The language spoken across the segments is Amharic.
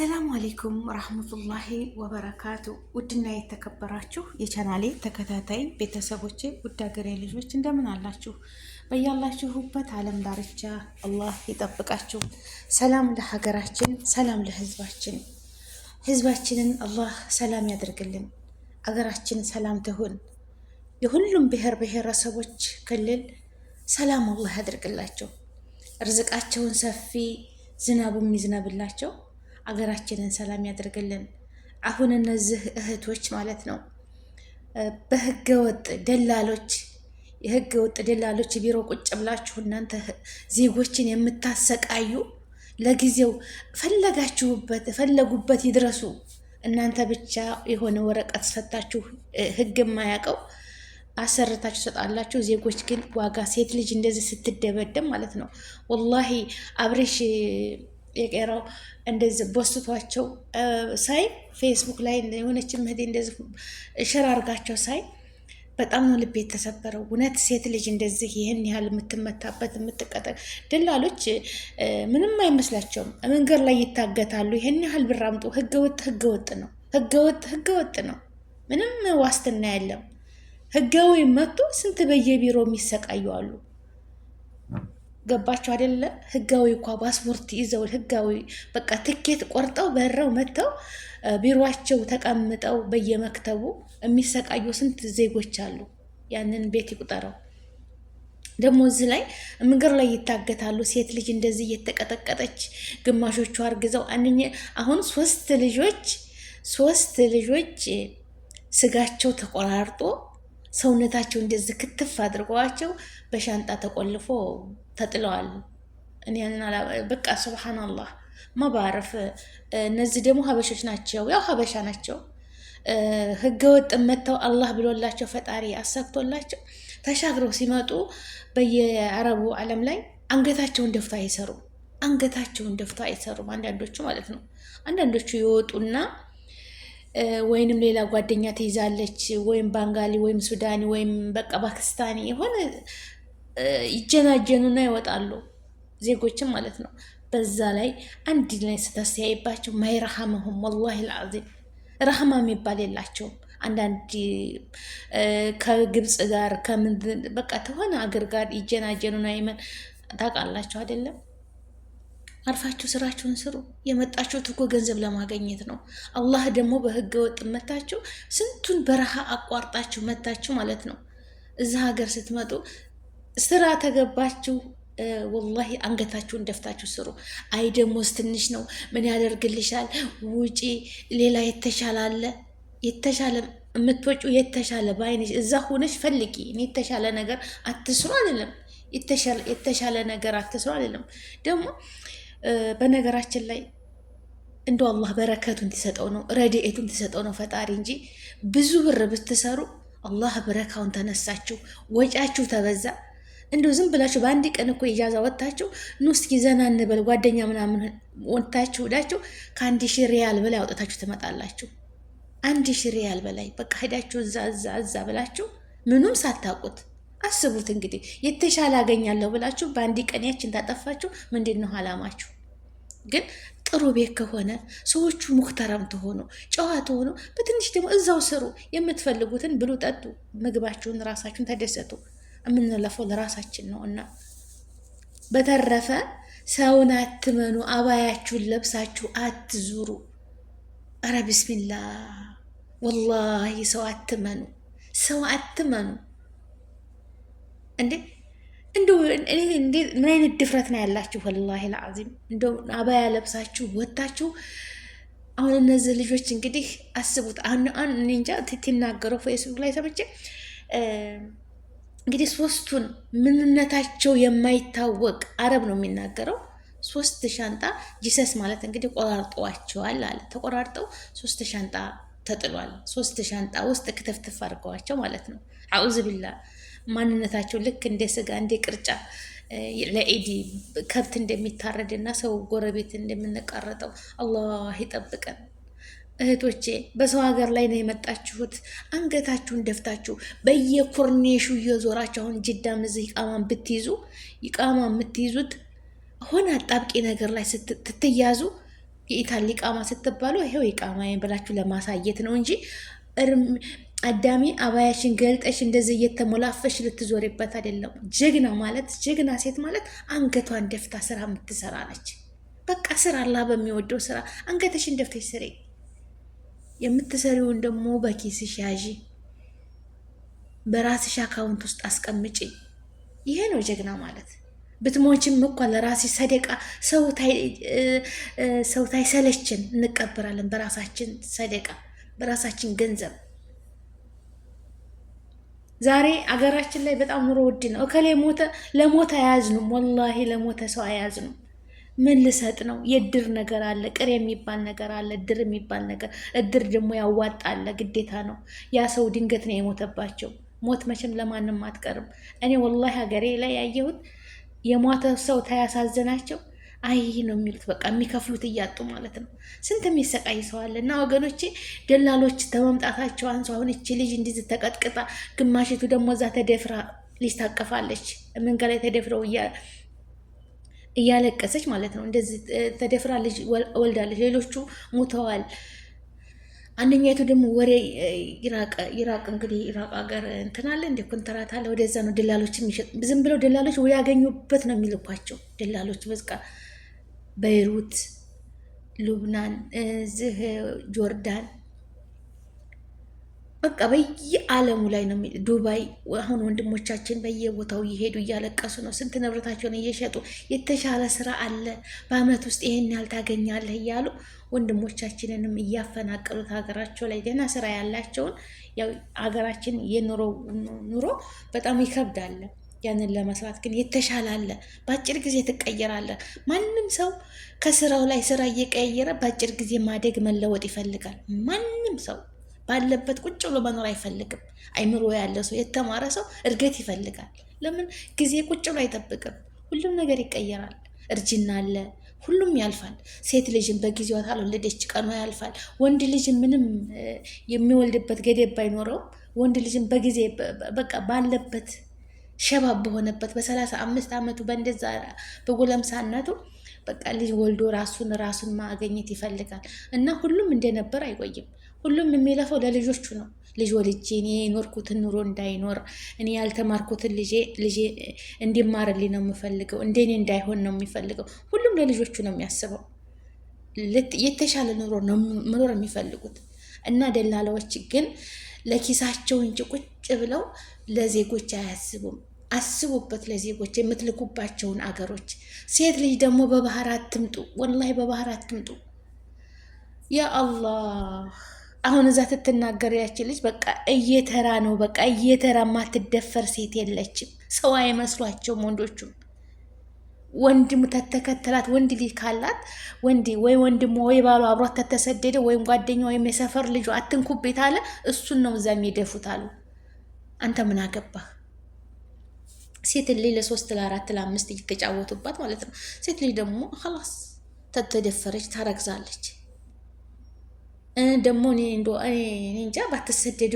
አሰላሙ አሌይኩም ረህመቱላሂ ወበረካቱ። ውድና የተከበራችሁ የቻናሌ ተከታታይ ቤተሰቦቼ ውድ ሀገሬ ልጆች እንደምን አላችሁ? በያላችሁበት ዓለም ዳርቻ አላህ ይጠብቃችሁ። ሰላም ለሀገራችን፣ ሰላም ለህዝባችን። ህዝባችንን አላህ ሰላም ያደርግልን። አገራችን ሰላም ትሁን። የሁሉም ብሔር ብሔረሰቦች ክልል ሰላም አላህ ያደርግላቸው። እርዝቃቸውን ሰፊ ዝናቡም የሚዝነብላቸው አገራችንን ሰላም ያደርግልን። አሁን እነዚህ እህቶች ማለት ነው በህገ ወጥ ደላሎች የህገ ወጥ ደላሎች ቢሮ ቁጭ ብላችሁ እናንተ ዜጎችን የምታሰቃዩ ለጊዜው ፈለጋችሁበት ፈለጉበት ይድረሱ እናንተ ብቻ የሆነ ወረቀት ሰታችሁ ህግ የማያውቀው አሰርታችሁ ሰጣላችሁ። ዜጎች ግን ዋጋ ሴት ልጅ እንደዚህ ስትደበደብ ማለት ነው ወላሂ አብሬሽ የቀረው እንደዚህ በስቷቸው ሳይ ፌስቡክ ላይ የሆነች ምህቴ እንደዚህ ሽር አርጋቸው ሳይ በጣም ነው ልቤ የተሰበረው። እውነት ሴት ልጅ እንደዚህ ይህን ያህል የምትመታበት የምትቀጠ ደላሎች ምንም አይመስላቸውም። መንገድ ላይ ይታገታሉ። ይህን ያህል ብር አምጡ። ህገወጥ ህገወጥ ነው። ህገወጥ ህገወጥ ነው። ምንም ዋስትና የለም። ህጋዊ መጥቶ ስንት በየቢሮ የሚሰቃዩ አሉ። ገባቸው አይደለ? ህጋዊ እኳ ፓስፖርት ይዘው ህጋዊ በቃ ትኬት ቆርጠው በረው መጥተው ቢሮቸው ተቀምጠው በየመክተቡ የሚሰቃዩ ስንት ዜጎች አሉ። ያንን ቤት ይቁጠረው። ደግሞ እዚህ ላይ ምግር ላይ ይታገታሉ። ሴት ልጅ እንደዚህ እየተቀጠቀጠች ግማሾቹ አርግዘው አንኝ አሁን ሶስት ልጆች ሶስት ልጆች ስጋቸው ተቆራርጦ ሰውነታቸው እንደዚህ ክትፍ አድርገዋቸው በሻንጣ ተቆልፎ ተጥለዋል። በቃ ሱብሃናላህ መባረፍ። እነዚህ ደግሞ ሀበሾች ናቸው፣ ያው ሀበሻ ናቸው። ህገወጥ መጥተው አላህ ብሎላቸው ፈጣሪ አሳክቶላቸው ተሻግረው ሲመጡ በየአረቡ ዓለም ላይ አንገታቸውን ደፍቶ አይሰሩም። አንገታቸውን ደፍቶ አይሰሩም። አንዳንዶቹ ማለት ነው። አንዳንዶቹ የወጡና ወይንም ሌላ ጓደኛ ትይዛለች፣ ወይም ባንጋሊ ወይም ሱዳኒ ወይም በቃ ፓኪስታኒ የሆነ ይጀናጀኑና ይወጣሉ፣ ዜጎችም ማለት ነው። በዛ ላይ አንድ ላይ ስታስተያይባቸው ማይረሃመሁም ወላሂ ልዓዚም ረህማ የሚባል የላቸውም። አንዳንድ ከግብፅ ጋር ከምን በቃ ተሆነ አገር ጋር ይጀናጀኑና ይመን ታውቃላቸው አይደለም አርፋችሁ ስራችሁን ስሩ። የመጣችሁት እኮ ገንዘብ ለማገኘት ነው። አላህ ደግሞ በህገ ወጥ መታችሁ፣ ስንቱን በረሃ አቋርጣችሁ መታችሁ ማለት ነው። እዛ ሀገር ስትመጡ ስራ ተገባችሁ፣ ወላሂ አንገታችሁን ደፍታችሁ ስሩ። አይ ደሞዝ ትንሽ ነው፣ ምን ያደርግልሻል? ውጪ፣ ሌላ የተሻለ አለ። የተሻለ የምትወጪ የተሻለ በአይነሽ እዛ ሆነሽ ፈልጊ። የተሻለ ነገር አትስሩ አልልም የተሻለ ነገር አትስሩ አልልም። ደግሞ በነገራችን ላይ እንደ አላህ በረከቱን እንዲሰጠው ነው ረድኤቱን እንዲሰጠው ነው ፈጣሪ እንጂ ብዙ ብር ብትሰሩ አላህ በረካውን ተነሳችሁ ወጫችሁ ተበዛ። እንዲሁ ዝም ብላችሁ በአንድ ቀን እኮ ኢጃዛ ወጥታችሁ ኑ እስኪ ዘና እንበል ጓደኛ ምናምን ወጥታችሁ ሄዳችሁ ከአንድ ሺ ሪያል በላይ አውጥታችሁ ትመጣላችሁ። አንድ ሺ ሪያል በላይ በቃ ሄዳችሁ እዛ እዛ እዛ ብላችሁ ምኑም ሳታውቁት አስቡት እንግዲህ የተሻለ አገኛለሁ ብላችሁ በአንድ ቀን ያችን ታጠፋችሁ፣ ምንድን ነው አላማችሁ? ግን ጥሩ ቤት ከሆነ ሰዎቹ ሙክተረም ተሆኑ፣ ጨዋ ተሆኑ፣ በትንሽ ደግሞ እዛው ስሩ፣ የምትፈልጉትን ብሉ፣ ጠጡ፣ ምግባችሁን ራሳችሁን ተደሰቱ። የምንለፈው ለራሳችን ነው እና በተረፈ ሰውን አትመኑ፣ አባያችሁን ለብሳችሁ አትዙሩ። አረ ቢስሚላ ወላሂ ሰው አትመኑ፣ ሰው አትመኑ። እንዴ እንደው ምን አይነት ድፍረት ነው ያላችሁ? ወላሂ ለአዚም እንደው አባያ ለብሳችሁ ወታችሁ። አሁን እነዚህ ልጆች እንግዲህ አስቡት። አሁን እንጃ ትናገረው ፌስቡክ ላይ ሰምቼ እንግዲህ ሶስቱን ምንነታቸው የማይታወቅ አረብ ነው የሚናገረው። ሶስት ሻንጣ ጂሰስ ማለት እንግዲህ ቆራርጠዋቸዋል አለ። ተቆራርጠው ሶስት ሻንጣ ተጥሏል። ሶስት ሻንጣ ውስጥ ክትፍትፍ አድርገዋቸው ማለት ነው። አዑዝ ቢላ ማንነታቸው ልክ እንደ ስጋ እንደ ቅርጫ ለኢዲ ከብት እንደሚታረድ እና ሰው ጎረቤት እንደምንቀረጠው አላህ ይጠብቀን። እህቶቼ በሰው ሀገር ላይ ነው የመጣችሁት። አንገታችሁን ደፍታችሁ በየኮርኔሹ እየዞራችሁ አሁን ጅዳም እዚህ ይቃማን ብትይዙ ይቃማ የምትይዙት ሆነ አጣብቂ ነገር ላይ ስትያዙ የኢታሊ ቃማ ስትባሉ ይሄው ይቃማ ብላችሁ ለማሳየት ነው እንጂ አዳሚ አባያሽን ገልጠሽ እንደዚህ እየተሞላፈሽ ልትዞሪበት አይደለም። ጀግና ማለት ጀግና ሴት ማለት አንገቷን ደፍታ ስራ የምትሰራ ነች። በቃ ስራ አላህ በሚወደው ስራ አንገተሽን ደፍተሽ ስሬ የምትሰሪውን ደግሞ በኪስሽ ያዢ፣ በራስሽ አካውንት ውስጥ አስቀምጪ። ይሄ ነው ጀግና ማለት። ብትሞችም እኳ ለራስሽ ሰደቃ ሰውታይ ሰለችን እንቀብራለን። በራሳችን ሰደቃ በራሳችን ገንዘብ ዛሬ አገራችን ላይ በጣም ኑሮ ውድ ነው። እከሌ ሞተ፣ ለሞተ አያዝኑም። ወላሂ ለሞተ ሰው አያዝኑም። ምን ልሰጥ ነው? የእድር ነገር አለ፣ ቅር የሚባል ነገር አለ፣ እድር የሚባል ነገር። እድር ደግሞ ያዋጣለ ግዴታ ነው። ያ ሰው ድንገት ነው የሞተባቸው። ሞት መቼም ለማንም አትቀርም። እኔ ወላሂ ሀገሬ ላይ ያየሁት የሟተ ሰው ተያሳዘናቸው። አይ ነው የሚሉት። በቃ የሚከፍሉት እያጡ ማለት ነው። ስንት የሚሰቃይ ሰዋል። እና ወገኖቼ ደላሎች ተመምጣታቸው አንሱ። አሁን እቺ ልጅ እንዲህ ተቀጥቅጣ፣ ግማሽቱ ደግሞ እዛ ተደፍራ ልጅ ታቀፋለች። መንገድ ላይ ተደፍረው እያለቀሰች ማለት ነው። እንደዚህ ተደፍራ ልጅ ወልዳለች። ሌሎቹ ሙተዋል። አንደኛይቱ ደግሞ ወሬ ኢራቅ እንግዲህ ኢራቅ ሀገር እንትናለ እንደ ኮንትራት አለ። ወደዛ ነው ደላሎች የሚሸጥ። ዝም ብለው ደላሎች ያገኙበት ነው የሚልኳቸው ደላሎች በቃ በይሩት፣ ሉብናን፣ እዚህ ጆርዳን በቃ በየዓለሙ ላይ ነው። ዱባይ አሁን ወንድሞቻችን በየቦታው እየሄዱ እያለቀሱ ነው። ስንት ንብረታቸውን እየሸጡ የተሻለ ስራ አለ በአመት ውስጥ ይሄን ያህል ታገኛለህ እያሉ ወንድሞቻችንንም እያፈናቀሉት ሀገራቸው ላይ ደህና ስራ ያላቸውን ሀገራችን የኑሮ ኑሮ በጣም ይከብዳል? ያንን ለመስራት ግን የተሻለ አለ። በአጭር ጊዜ ትቀየራለ። ማንም ሰው ከስራው ላይ ስራ እየቀየረ በአጭር ጊዜ ማደግ መለወጥ ይፈልጋል። ማንም ሰው ባለበት ቁጭ ብሎ መኖር አይፈልግም። አይምሮ ያለ ሰው፣ የተማረ ሰው እድገት ይፈልጋል። ለምን ጊዜ ቁጭ ብሎ አይጠብቅም። ሁሉም ነገር ይቀየራል። እርጅና አለ። ሁሉም ያልፋል። ሴት ልጅን በጊዜዋ ታልወለደች ቀኗ ያልፋል። ወንድ ልጅ ምንም የሚወልድበት ገደብ ባይኖረው ወንድ ልጅን በጊዜ በቃ ባለበት ሸባብ በሆነበት በሰላሳ አምስት ዓመቱ በእንደዛ በጎለምሳነቱ በቃ ልጅ ወልዶ ራሱን ራሱን ማገኘት ይፈልጋል። እና ሁሉም እንደነበር አይቆይም። ሁሉም የሚለፈው ለልጆቹ ነው። ልጅ ወልጄ እኔ የኖርኩትን ኑሮ እንዳይኖር እኔ ያልተማርኩትን ልጄ እንዲማርልኝ ነው የምፈልገው፣ እንደኔ እንዳይሆን ነው የሚፈልገው። ሁሉም ለልጆቹ ነው የሚያስበው። የተሻለ ኑሮ ነው መኖር የሚፈልጉት እና ደላላዎች ግን ለኪሳቸው እንጂ ቁጭ ብለው ለዜጎች አያስቡም። አስቡበት። ለዜጎች የምትልኩባቸውን አገሮች ሴት ልጅ ደግሞ በባህር አትምጡ፣ ወላሂ በባህር አትምጡ። ያ አላህ አሁን እዛ ትትናገር ያች ልጅ በቃ እየተራ ነው፣ በቃ እየተራ ማትደፈር ሴት የለችም። ሰው አይመስሏቸውም ወንዶቹም። ወንድም ተተከተላት ወንድ ልጅ ካላት ወንድ ወይ ወንድሞ ወይ ባሉ አብሯት ተተሰደደ ወይም ጓደኛ ወይም የሰፈር ልጅ አትንኩቤት አለ፣ እሱን ነው እዛ የሚደፉት አሉ። አንተ ምን አገባህ? ሴት ልጅ ለሶስት ለአራት ለአምስት እየተጫወቱባት ማለት ነው። ሴት ልጅ ደግሞ ላስ ተደፈረች ታረግዛለች። ደግሞ እንጃ ባትሰደዱ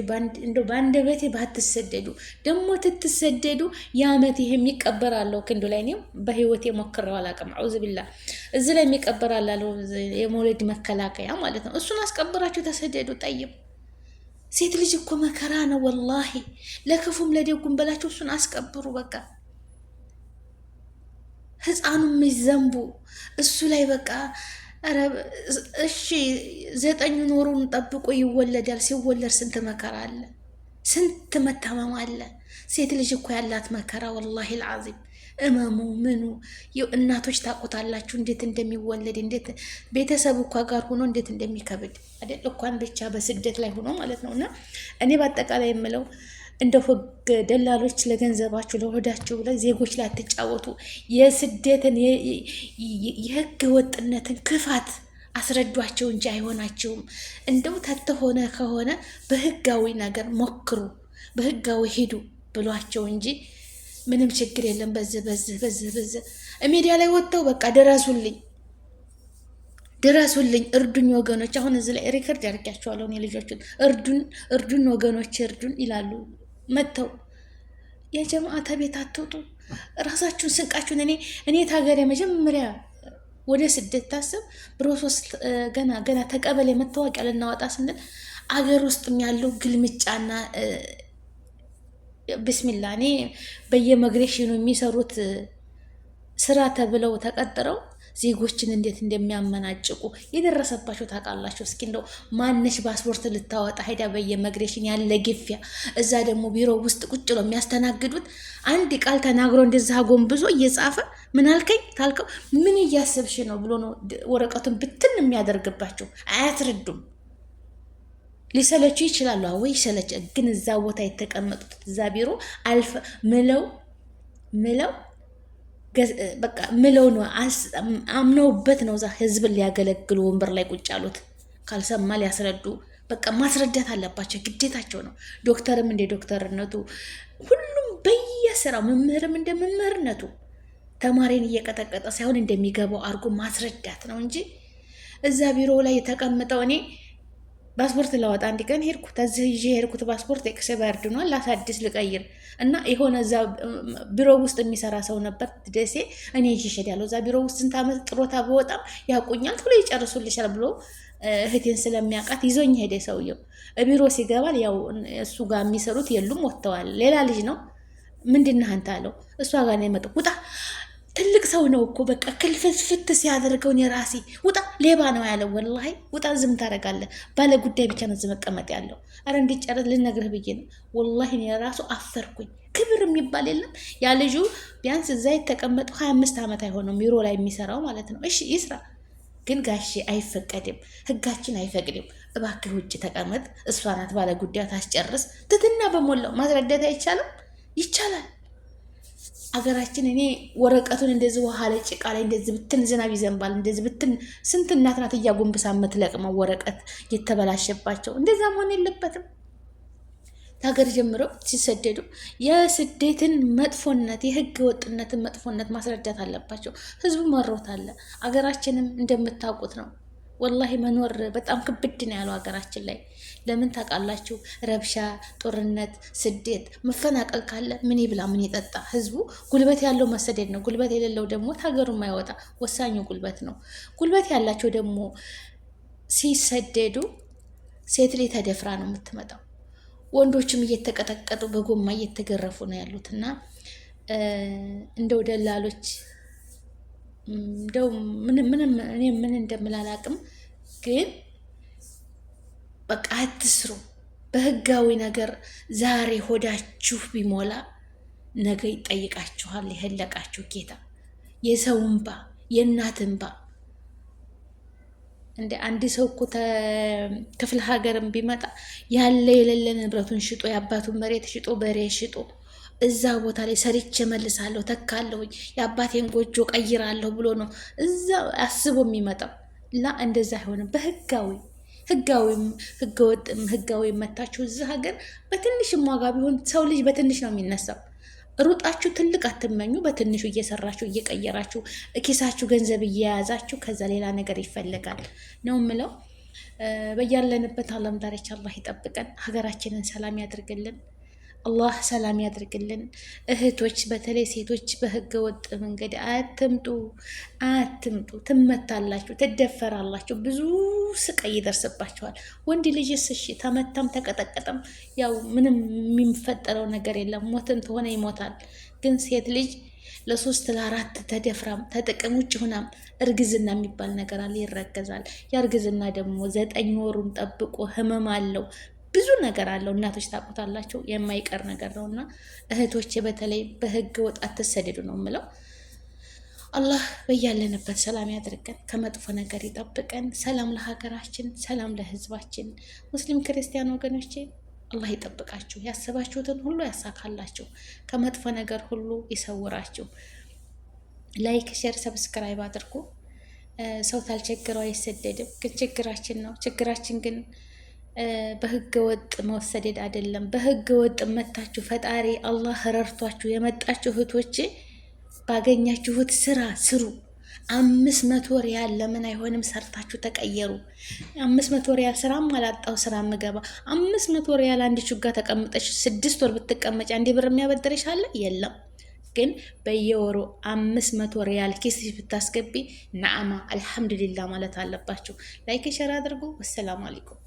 እንደው በአንድ በቴ ባትሰደዱ ደግሞ ትትሰደዱ የአመት ይሄ የሚቀበራለሁ ክንዱ ላይ እኔም በህይወት የሞክረው አላውቅም። አውዝ ቢላ እዚህ ላይ የሚቀበራላለው የመውለድ መከላከያ ማለት ነው። እሱን አስቀብራችሁ ተሰደዱ ጠይም ሴት ልጅ እኮ መከራ ነው ወላሂ። ለክፉም ለደጉም በላቸው። እሱን አስቀብሩ በቃ ህፃኑም ይዘንቡ እሱ ላይ በቃ እሺ፣ ዘጠኙን ወሩን ጠብቆ ይወለዳል። ሲወለድ ስንት መከራ አለ፣ ስንት መታመም አለ። ሴት ልጅ እኮ ያላት መከራ ወላሂ ልዓዚም እመሙ ምኑ እናቶች ታቆታላችሁ፣ እንዴት እንደሚወለድ እንዴት ቤተሰቡ እኳ ጋር ሆኖ እንዴት እንደሚከብድ አይደል? እኳን ብቻ በስደት ላይ ሆኖ ማለት ነው። እና እኔ በአጠቃላይ የምለው እንደ ህግ ደላሎች ለገንዘባችሁ ለሆዳችሁ ብለ ዜጎች ላይ አትጫወቱ። የስደትን የህግ ወጥነትን ክፋት አስረዷቸው እንጂ አይሆናቸውም። እንደው ተተሆነ ከሆነ በህጋዊ ነገር ሞክሩ፣ በህጋዊ ሂዱ ብሏቸው እንጂ ምንም ችግር የለም። በዝህ በዝ በዝ በዚህ ሚዲያ ላይ ወጥተው በቃ ድረሱልኝ፣ ድረሱልኝ፣ እርዱኝ ወገኖች። አሁን እዚህ ላይ ሪከርድ ያርጊያቸዋለሁ እኔ ልጆቹን እርዱን፣ እርዱን ወገኖች፣ እርዱን ይላሉ መጥተው። የጀማአተ ቤት አትውጡ፣ ራሳችሁን ስንቃችሁን። እኔ እኔ ታገሬ መጀመሪያ ወደ ስደት ታስብ ሶስት ገና ገና ተቀበሌ መታወቂያ ልናወጣ ስንል አገር ውስጥም ያለው ግልምጫና ብስሚላ እኔ በየመግሬሽኑ የሚሰሩት ስራ ተብለው ተቀጥረው ዜጎችን እንዴት እንደሚያመናጭቁ የደረሰባቸው ታውቃላቸው። እስኪ እንደው ማነሽ ፓስፖርት ልታወጣ ሄዳ በየመግሬሽን ያለ ግፊያ፣ እዛ ደግሞ ቢሮ ውስጥ ቁጭ ነው የሚያስተናግዱት። አንድ ቃል ተናግሮ እንደዛ ጎንብዞ እየጻፈ ምን አልከኝ ታልከው ምን እያሰብሽ ነው ብሎ ነው ወረቀቱን ብትን የሚያደርግባቸው። አያስረዱም። ሊሰለቹ ይችላሉ። አዎ ይሰለች። ግን እዛ ቦታ የተቀመጡት እዛ ቢሮ አልፈ ምለው ምለው በቃ ምለው ነው አምነውበት ነው እዛ ህዝብን ሊያገለግሉ ወንበር ላይ ቁጭ አሉት። ካልሰማ ሊያስረዱ በቃ ማስረዳት አለባቸው፣ ግዴታቸው ነው። ዶክተርም እንደ ዶክተርነቱ ሁሉም በየስራው መምህርም እንደ መምህርነቱ ተማሪን እየቀጠቀጠ ሳይሆን እንደሚገባው አድርጎ ማስረዳት ነው እንጂ እዛ ቢሮ ላይ የተቀምጠው እኔ ፓስፖርት ላወጣ አንድ ቀን ሄድኩ። ተዚህ ይዤ ሄድኩት ፓስፖርት ኤክስፓየርድ ሆኗል፣ ላሳድስ ልቀይር እና የሆነ እዛ ቢሮ ውስጥ የሚሰራ ሰው ነበር ደሴ። እኔ ይዤ እሸዳለሁ እዛ ቢሮ ውስጥ ስንት ዓመት ጥሮታ በወጣም ያውቁኛል፣ ቶሎ ይጨርሱልሻል ብሎ እህቴን ስለሚያውቃት ይዞኝ ሄደ ሰውየው። ቢሮ ሲገባል ያው እሱ ጋር የሚሰሩት የሉም፣ ወጥተዋል። ሌላ ልጅ ነው ምንድን ነህ አንተ አለው። እሷ ጋር ነው የመጣው ውጣ ትልቅ ሰው ነው እኮ በቃ ክልፍትፍት ሲያደርገውን የራሴ ውጣ ሌባ ነው ያለው። ወላሂ ውጣ ዝም ታደርጋለህ። ባለ ጉዳይ ብቻ ነው መቀመጥ ያለው። አረ እንዲጨረስ ልነግርህ ብዬ ነው ወላሂ። እኔ ራሱ አፈርኩኝ። ክብር የሚባል የለም። ያ ልጁ ቢያንስ እዛ የተቀመጠው ሀያ አምስት ዓመት አይሆነው ቢሮ ላይ የሚሰራው ማለት ነው። እሺ ይስራ፣ ግን ጋሺ አይፈቀድም፣ ህጋችን አይፈቅድም። እባክህ ውጭ ተቀመጥ፣ እሷ ናት ባለ ጉዳይ፣ ታስጨርስ። ትትና በሞላው ማስረዳት አይቻልም? ይቻላል አገራችን እኔ ወረቀቱን እንደዚህ ውሃ ላይ ጭቃ ላይ እንደዚህ ብትን ዝናብ ይዘንባል እንደዚህ ብትን ስንት እናት ናት እያጎንብሳ የምትለቅመው ወረቀት የተበላሸባቸው። እንደዛ መሆን የለበትም። ከሀገር ጀምረው ሲሰደዱ የስደትን መጥፎነት የህገ ወጥነትን መጥፎነት ማስረዳት አለባቸው። ህዝቡ መሮት አለ። አገራችንም እንደምታውቁት ነው ወላሂ መኖር በጣም ክብድ ነው ያለው ሀገራችን ላይ። ለምን ታውቃላችሁ? ረብሻ፣ ጦርነት፣ ስደት፣ መፈናቀል ካለ ምን ይብላ ምን ይጠጣ? ህዝቡ ጉልበት ያለው መሰደድ ነው። ጉልበት የሌለው ደግሞ ታገሩ የማይወጣ ወሳኙ ጉልበት ነው። ጉልበት ያላቸው ደግሞ ሲሰደዱ ሴት ላይ ተደፍራ ነው የምትመጣው። ወንዶችም እየተቀጠቀጡ በጎማ እየተገረፉ ነው ያሉት እና እንደው ደላሎች እንደው ምንም እኔ ምን እንደምል አላውቅም፣ ግን በቃ አትስሩ። በህጋዊ ነገር ዛሬ ሆዳችሁ ቢሞላ ነገ ይጠይቃችኋል የህለቃችሁ ጌታ። የሰው እንባ የእናት እንባ እንደ አንድ ሰው እኮ ክፍለ ሀገርም ቢመጣ ያለ የሌለ ንብረቱን ሽጦ የአባቱን መሬት ሽጦ በሬ ሽጦ እዛ ቦታ ላይ ሰርቼ መልሳለሁ፣ ተካለሁኝ፣ የአባቴን ጎጆ ቀይራለሁ ብሎ ነው እዛ አስቦ የሚመጣው ላ እንደዛ አይሆንም። በህጋዊ ህገወጥም ህጋዊ መታችሁ እዚህ ሀገር በትንሽም ዋጋ ቢሆን ሰው ልጅ በትንሽ ነው የሚነሳው። ሩጣችሁ ትልቅ አትመኙ። በትንሹ እየሰራችሁ እየቀየራችሁ ኪሳችሁ ገንዘብ እየያዛችሁ ከዛ ሌላ ነገር ይፈልጋል ነው ምለው። በያለንበት አለም ዳርቻ አላህ ይጠብቀን፣ ሀገራችንን ሰላም ያድርግልን። አላህ ሰላም ያድርግልን። እህቶች፣ በተለይ ሴቶች በህገ ወጥ መንገድ አትምጡ፣ አትምጡ። ትመታላችሁ፣ ትደፈራላችሁ፣ ብዙ ስቃይ ይደርስባችኋል። ወንድ ልጅስ እሺ ተመታም ተቀጠቀጠም ያው ምንም የሚፈጠረው ነገር የለም፣ ሞትም ተሆነ ይሞታል። ግን ሴት ልጅ ለሶስት ለአራት ተደፍራም ተጥቅም ውጭ ሆናም እርግዝና የሚባል ነገር አለ፣ ይረገዛል። ያ እርግዝና ደግሞ ዘጠኝ ወሩን ጠብቆ ህመም አለው። ብዙ ነገር አለው። እናቶች ታቁታላቸው የማይቀር ነገር ነው እና እህቶች በተለይ በህግ ወጥ አትሰደዱ ነው የምለው። አላህ በያለንበት ሰላም ያድርገን፣ ከመጥፎ ነገር ይጠብቀን። ሰላም ለሀገራችን፣ ሰላም ለህዝባችን። ሙስሊም ክርስቲያን ወገኖቼ አላህ ይጠብቃችሁ፣ ያሰባችሁትን ሁሉ ያሳካላችሁ፣ ከመጥፎ ነገር ሁሉ ይሰውራችሁ። ላይክ፣ ሼር፣ ሰብስክራይብ አድርጉ። ሰው ታልቸግረው አይሰደድም፣ ግን ችግራችን ነው። ችግራችን ግን በህገ ወጥ መወሰደድ አይደለም። በህገ ወጥ መታችሁ ፈጣሪ አላህ ረርቷችሁ የመጣችሁ እህቶች ባገኛችሁት ስራ ስሩ። አምስት መቶ ሪያል ለምን አይሆንም? ሰርታችሁ ተቀየሩ። አምስት መቶ ሪያል ስራም አላጣው ስራ ምገባ አምስት መቶ ሪያል አንድ ችጋ ተቀምጠች ስድስት ወር ብትቀመጭ አንዴ ብር የሚያበደረሽ አለ የለም። ግን በየወሩ አምስት መቶ ሪያል ኪስ ብታስገቢ ናአማ አልሐምዱሊላ ማለት አለባችሁ። ላይክ ሸር አድርጉ። ወሰላሙ አለይኩም